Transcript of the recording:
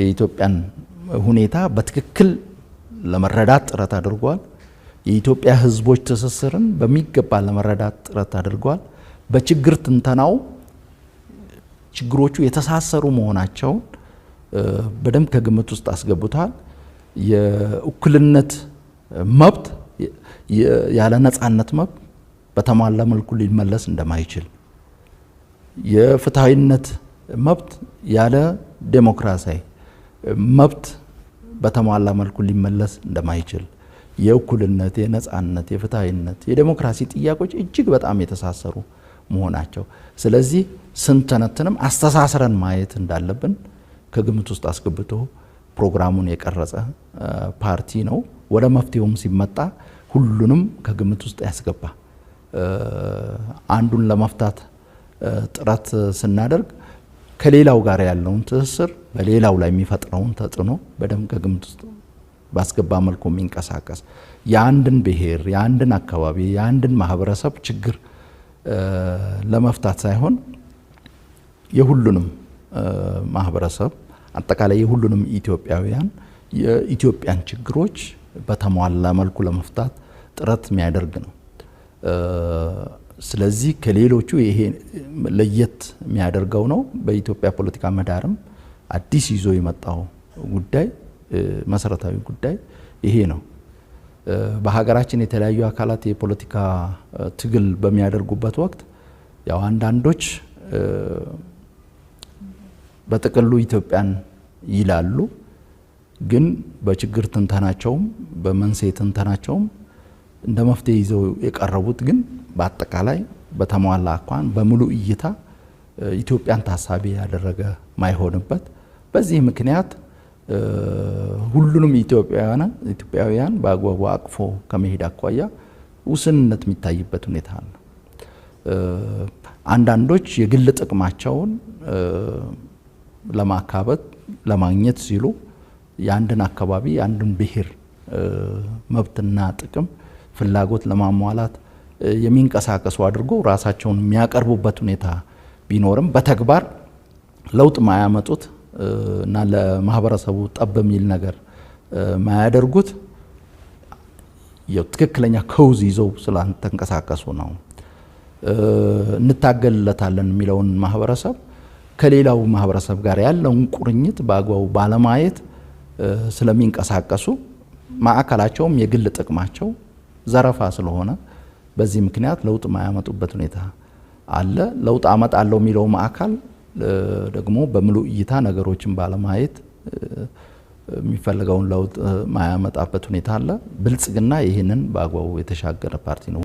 የኢትዮጵያን ሁኔታ በትክክል ለመረዳት ጥረት አድርጓል። የኢትዮጵያ ሕዝቦች ትስስርን በሚገባ ለመረዳት ጥረት አድርጓል። በችግር ትንተናው ችግሮቹ የተሳሰሩ መሆናቸውን በደንብ ከግምት ውስጥ አስገብቷል። የእኩልነት መብት ያለ ነጻነት መብት በተሟላ መልኩ ሊመለስ እንደማይችል፣ የፍትሐዊነት መብት ያለ ዴሞክራሲያዊ መብት በተሟላ መልኩ ሊመለስ እንደማይችል የእኩልነት፣ የነጻነት፣ የፍትሐዊነት፣ የዴሞክራሲ ጥያቄዎች እጅግ በጣም የተሳሰሩ መሆናቸው ስለዚህ ስንተነትንም አስተሳስረን ማየት እንዳለብን ከግምት ውስጥ አስገብቶ ፕሮግራሙን የቀረጸ ፓርቲ ነው። ወደ መፍትሄውም ሲመጣ ሁሉንም ከግምት ውስጥ ያስገባ አንዱን ለመፍታት ጥረት ስናደርግ ከሌላው ጋር ያለውን ትስስር በሌላው ላይ የሚፈጥረውን ተጽዕኖ በደንብ ከግምት ውስጥ ባስገባ መልኩ የሚንቀሳቀስ የአንድን ብሔር፣ የአንድን አካባቢ፣ የአንድን ማህበረሰብ ችግር ለመፍታት ሳይሆን የሁሉንም ማህበረሰብ አጠቃላይ የሁሉንም ኢትዮጵያውያን የኢትዮጵያን ችግሮች በተሟላ መልኩ ለመፍታት ጥረት የሚያደርግ ነው። ስለዚህ ከሌሎቹ ይሄ ለየት የሚያደርገው ነው። በኢትዮጵያ ፖለቲካ ምህዳርም አዲስ ይዞ የመጣው ጉዳይ መሰረታዊ ጉዳይ ይሄ ነው። በሀገራችን የተለያዩ አካላት የፖለቲካ ትግል በሚያደርጉበት ወቅት ያው አንዳንዶች በጥቅሉ ኢትዮጵያን ይላሉ። ግን በችግር ትንተናቸውም በመንስኤ ትንተናቸውም እንደ መፍትሄ ይዘው የቀረቡት ግን በአጠቃላይ በተሟላ አኳን በሙሉ እይታ ኢትዮጵያን ታሳቢ ያደረገ ማይሆንበት በዚህ ምክንያት ሁሉንም ኢትዮጵያውያን በአግባቡ አቅፎ ከመሄድ አኳያ ውስንነት የሚታይበት ሁኔታ ነው። አንዳንዶች የግል ጥቅማቸውን ለማካበት ለማግኘት ሲሉ የአንድን አካባቢ የአንድን ብሔር መብትና ጥቅም ፍላጎት ለማሟላት የሚንቀሳቀሱ አድርጎ ራሳቸውን የሚያቀርቡበት ሁኔታ ቢኖርም በተግባር ለውጥ ማያመጡት እና ለማህበረሰቡ ጠብ የሚል ነገር ማያደርጉት ትክክለኛ ከውዝ ይዘው ስላልተንቀሳቀሱ ነው። እንታገልለታለን የሚለውን ማህበረሰብ ከሌላው ማህበረሰብ ጋር ያለውን ቁርኝት በአግባቡ ባለማየት ስለሚንቀሳቀሱ ማዕከላቸውም የግል ጥቅማቸው ዘረፋ ስለሆነ በዚህ ምክንያት ለውጥ ማያመጡበት ሁኔታ አለ። ለውጥ አመጣለሁ የሚለው ማዕከል ደግሞ በምሉ እይታ ነገሮችን ባለማየት የሚፈልገውን ለውጥ ማያመጣበት ሁኔታ አለ። ብልጽግና ይህንን በአግባቡ የተሻገረ ፓርቲ ነው።